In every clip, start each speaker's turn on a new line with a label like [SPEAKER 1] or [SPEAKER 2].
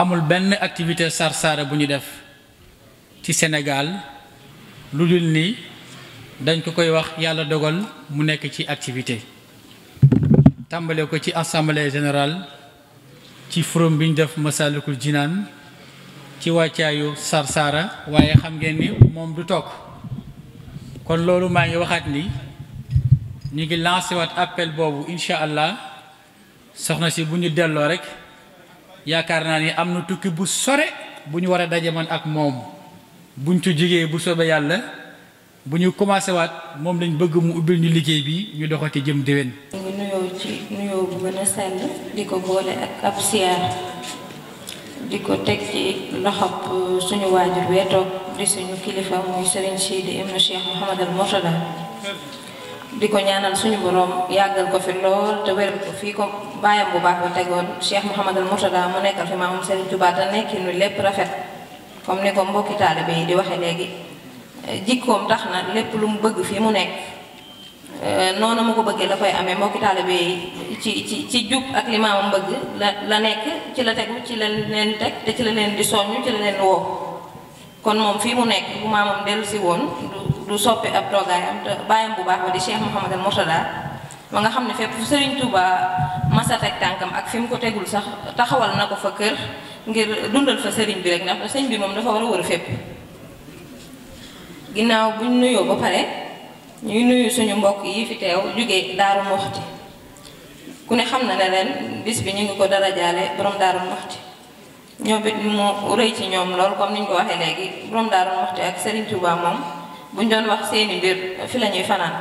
[SPEAKER 1] amul benn activité Sarsara bu ñu def ci Sénégal lu dul ni dañ ko koy wax yàlla dogal mu nekk ci activité tàmbale ko ci assemblée général ci from bi ñu def Masalikul Jinaan ci wàccaayu Sarsara waaye xam ngeen ni moom du toog kon loolu maa ngi waxaat ni ñu ngi lancé waat appel boobu incha allah soxna si bu ñu delloo rek yaakaar naa ni am na tukki bu sore bu ñu war a daje man ak moom buñ ci jigee bu soobee yàlla bu ñu commencé waat moom lañ bëgg mu ubbil ñu liggéey bi ñu doxati jëm déwén. ñu ci nuyoo bu gën a sell di ko boole ak ab siyaar di ko teg ci loxob suñu waajur weetoog di suñu kilifa muy Serigne Sidi ibnu Cheikh Mouhamadal Mourtada di ko ñaanal suñu boroom yàggal ko fi lool te wéral ko fii ko bàyyam bu baax ba tegoon Cheikh Mouhamadul Mourtada mu nekkal fi maamam Serigne Touba te nekkin wi lépp rafet comme ni ko mbokki taalibe yi di waxe léegi jikkoom tax na lépp lu mu bëgg fii mu nekk euh, noonu mu ko bëggee la koy amee mbokki taalibe yi ci ci ci jub ak li maamam bëgg la la nekk ci la tegu ci la leen teg te ci la leen di soññ ci la leen woo kon moom fii mu nekk bu maamam dellu si woon du soppi ab toogaayam te bàyyam bu baax ba di Cheikh Mouhamadul Mourtada ma nga xam ne fépp sëriñ Serigne Touba masa teg tànkam ak fi mu ko tegul sax taxawal na ko fa kër ngir dundal fa sëriñ bi rek ndax sëñ bi moom dafa war a wër fépp. ginnaaw bu nuyoo ba pare ñuy nuyu suñu mbokk yi fi teew jóge Daaru Muxti ku ne xam na ne leen bis bi ñu ngi ko darajaale borom Daaru Muxti ñoom it mu rëy ci ñoom lool comme ni ñu ko waxee léegi borom Daaru ak Serigne Touba moom. buñ doon wax seeni mbir fi la ñuy fanaan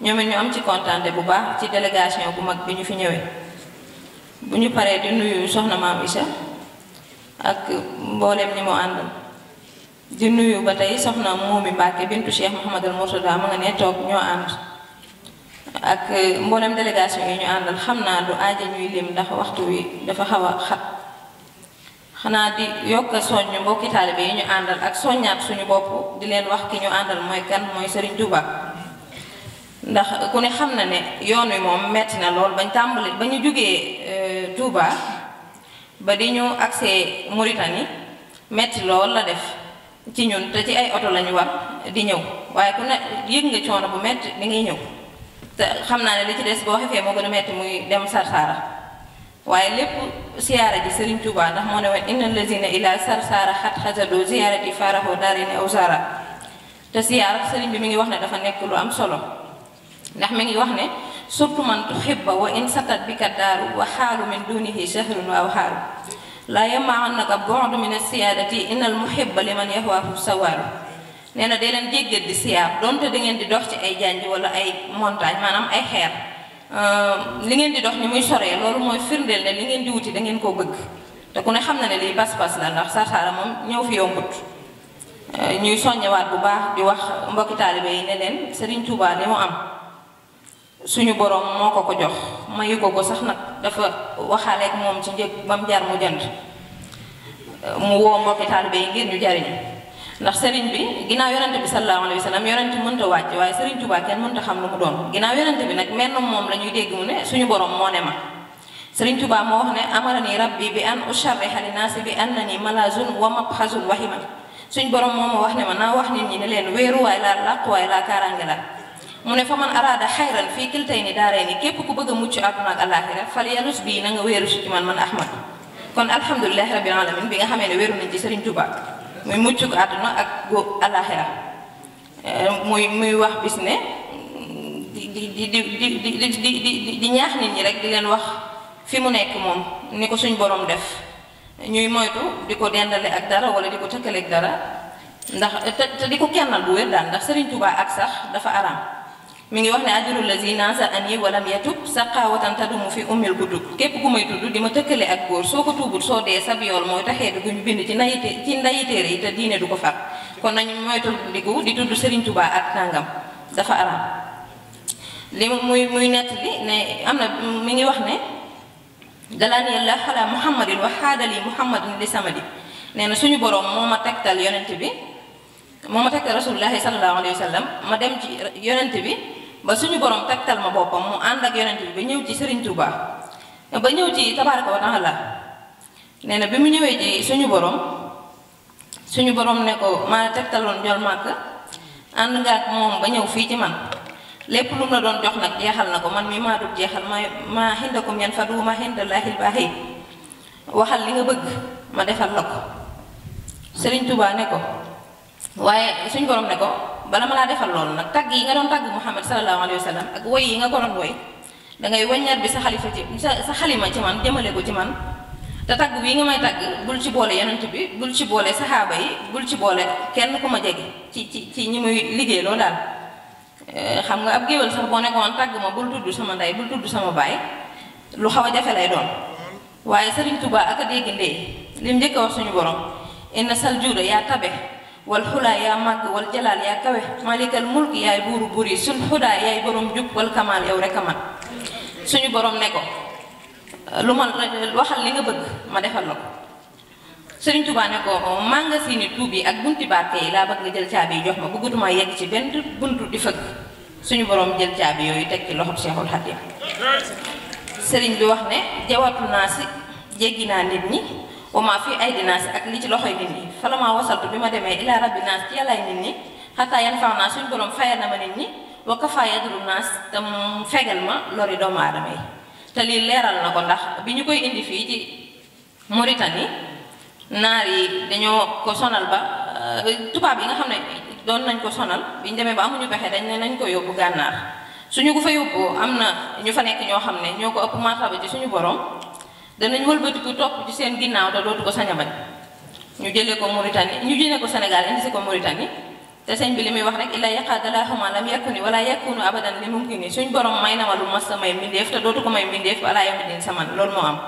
[SPEAKER 1] ñoom it am ci kontaante bu baax ci délégation bu mag bi ñu fi ñëwee bu ñu paree di nuyu soxna maam Isa ak mboolem ñi mu ànd di nuyu ba tey soxna moom Moomi Mbàkke bintu Cheikh Mouhamadul Mourtada ma nga ne toog ñoo ànd ak mboolem délégation yi ñu àndal xam naa du aaja ñuy lim ndax waxtu wi dafa xaw a xat xanaa di yokk soññ mbokki taalibe yi ñu àndal ak soññaat suñu bopp di leen wax ki ñu àndal mooy kan mooy Serigne Touba ndax ku ne xam na ne yoon wi moom metti na lool bañ tàmbali ba ñu jógee euh, Touba ba di ñu agsee Mauritanie metti lool la def ci ñun te ci ay oto lañuy war di ñëw waaye ku ne yëg nga coono bu metti di ngay ñëw te xam naa ne li ci des boo xefee moo gën a metti muy dem Sarsara waaye lépp siyaara ji Sëriñ Tuubaa ndax moo ne woon inna lazina ila sarsaara xat xasado ziyaarati faaraxoo daari ne aw saara te siyaara sëriñ bi mi ngi wax ne dafa nekk lu am solo ndax mi ngi wax ne surtout man tuxibba wa in satat bika daaru wa xaalu min dunihi shahrun waaw xaalu laa yamaannaka bu'du min as-siyaadati innal muhibba liman yahwaahu sawaaru nee na dee leen jéggat di siyaar donte da ngeen di dox ci ay jànj wala ay montagne maanaam ay xeer Euh, li ngeen di dox ni muy soree loolu mooy firndeel ne li ngeen di wuti da ngeen koo bëgg te ku ne xam na ne lii pas-pas la ndax Sarsara moom ñëw fi yombut euh, ñuy soññewaat bu baax di wax mbokki taalibe yi ne leen Serigne Touba li mu am suñu borom moo ko ko jox ma ko ko sax nag dafa waxaaleeg moom ci njëg ba mu jar mu jënd euh, mu woo mbokki taalibe yi ngir ñu jariñ ndax sëriñ bi ginnaaw yonente bi sallallahu alayhi wa sallam yonente mënta wàcc waaye sëriñ Tuubaa kenn mënta xam lu mu doon ginnaaw yonente bi nag menn moom la ñuy dégg mu ne suñu borom moo ne ma sëriñ Tuubaa moo wax ne amara bi an usharriha linaasi bi annani malazun wa mabxasun wahima suñu ma wax ne ma naa wax nit ñi ne leen wéeruwaay laa làquwaay laa kaaraange la mu ne fa man araada xayran fii kiltay ni daaree ni képp ku bëgg a mucc àdduna ak àllaaxira fal yalus bii na nga wéeru si ci man man Ahmad kon alhamdulilahi rabbil alamin bi nga xamee ne wéeru nañ ci sëriñ Tuubaa muy muccug àdduna ak góob alaxira muy muy wax bis ne di di di di di di di ñaax nit ñi rek di leen wax fi mu nekk moom ni ko suñ borom def ñuy moytu di ko dendale ak dara wala di ko tëkkale ak dara ndax te di ko kennal bu wér daal ndax Serigne Touba ak sax dafa araam mu ngi wax ne ajrul lazi nasa ani walam yatub saqaawatan tadumu fi ummil kutub képp ku may tudd di ma tëkkale ak góor soo ko tuubut soo dee sab yool mooy taxee duñu bind ci nayite ci ndayiteere yi te diine du ko far kon nañu moytu digu di tudd Serigne Touba ak tàngam dafa araam li muy muy nett li ne am na mi ngi wax ne dalaani yàlla xalaa muhammadin wa xaadali muhammadin sama di nee na suñu boroom moo ma tegtal yonent bi moo ma tegtal rasulullahi sallallahu alayhi wa sallam ma dem ci yonent bi ba suñu borom tegtal ma boppam mu ànd ak yonent bi ñëw ci sëriñ Touba ba ñëw ci tabaaraka wa taala nee na bi mu ñëwee ci suñu borom suñu borom ne ko maa tegtaloon jol màkk ànd ñëw fii ci man lépp lu mu doon jox nag jeexal na ko man mi maa dul jeexal ma maa xindakum yan fadu ma xindalaahil baaxi waxal li nga bëgg ma defal la ko Serigne Touba ne ko waaye suñu borom ne ko. bala ma laa defal loolu nag tagg yi nga doon tagg Muhammad sallallahu alayhi wa sallam ak woy yi nga ko doon woy da ngay waññaat bi sa xalifa ci sa xalima ci man jëmale ko ci man te tagg bii nga may tagg bul ci boole yonent bi bul ci boole saxaaba yi bul ci boole kenn ku ma jege ci ci ci ñi muy liggéey loolu daal eh, xam nga ab géwél sax boo nekkoon tagg ma bul tudd sama ndey bul tudd sama baay lu xaw a jafe lay doon waaye Sëriñ Tuubaa ak a dégg ndee lim a wax suñu borom inna sal wal xulaa yaa màgg wal jalaal yaa kawe malikal mulk yaay buuru buur yi suñ xudaa yaay borom jub wal kamaal yow rek a man suñu borom ne ko lu ma waxal li nga bëgg ma defal la ko sëriñ Tuubaa ne ko maa nga si ni ak bunti barke yi laa bëgg nga jël caabi yi jox ma bëggatuma yegg ci benn buntu di fëgg suñu boroom jël caabi yooyu teg ci loxob Seexul Xadiim sëriñ bi wax ne jawatu naa si jéggi naa nit ñi wa fii ay dinaas ak li ci loxoy nit ñi fala maa bi ma demee ilaa rabbi naas ci yàllaay nit ñi xataa yan faw naa suñ borom fayal na ma nit ñi wa kafaa yadru naas te mu fegal ma lori doomu aadama te lii leeral na ko ndax bi ñu koy indi fii ci Mauritanie naar yi dañoo ko sonal ba euh, tubaab yi nga xam ne doon nañ ko sonal bi ñu demee ba amuñu pexe dañ ne nañ ko yóbbu gànnaar suñu ko fa yóbbu am na ñu fa nekk ñoo xam ne ñoo ko ëpp martaba ci suñu borom danañ wëlbatiku topp ci seen ginnaaw te dootu ko sañ a bañ ñu jëlee ko Mauritanie ñu jëlee ko Sénégal indi si ko Mauritanie te sëñ bi li muy wax rek illaa yaqaadalaaxuma lam yakuni wala yakunu abadan li mumkin ni suñ borom may na ma lu mas sa may mbindeef te dootu ko may mbindeef walaa yawmi din saman loolu moo am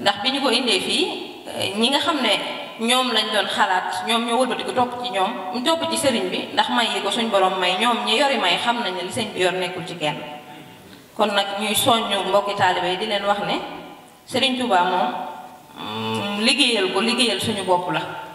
[SPEAKER 1] ndax bi ñu ko indee fii ñi nga xam ne ñoom lañ doon xalaat ñoom ñoo ko topp ci ñoom ñu topp ci sëriñ bi ndax may yi ko suñ borom may ñoom ñi yori may xam nañ ne li sëñ bi nekkul ci kenn kon nag ñuy soññu yi di leen wax ne Serigne Touba moom mm, liggéeyal ko liggéeyal suñu bopp la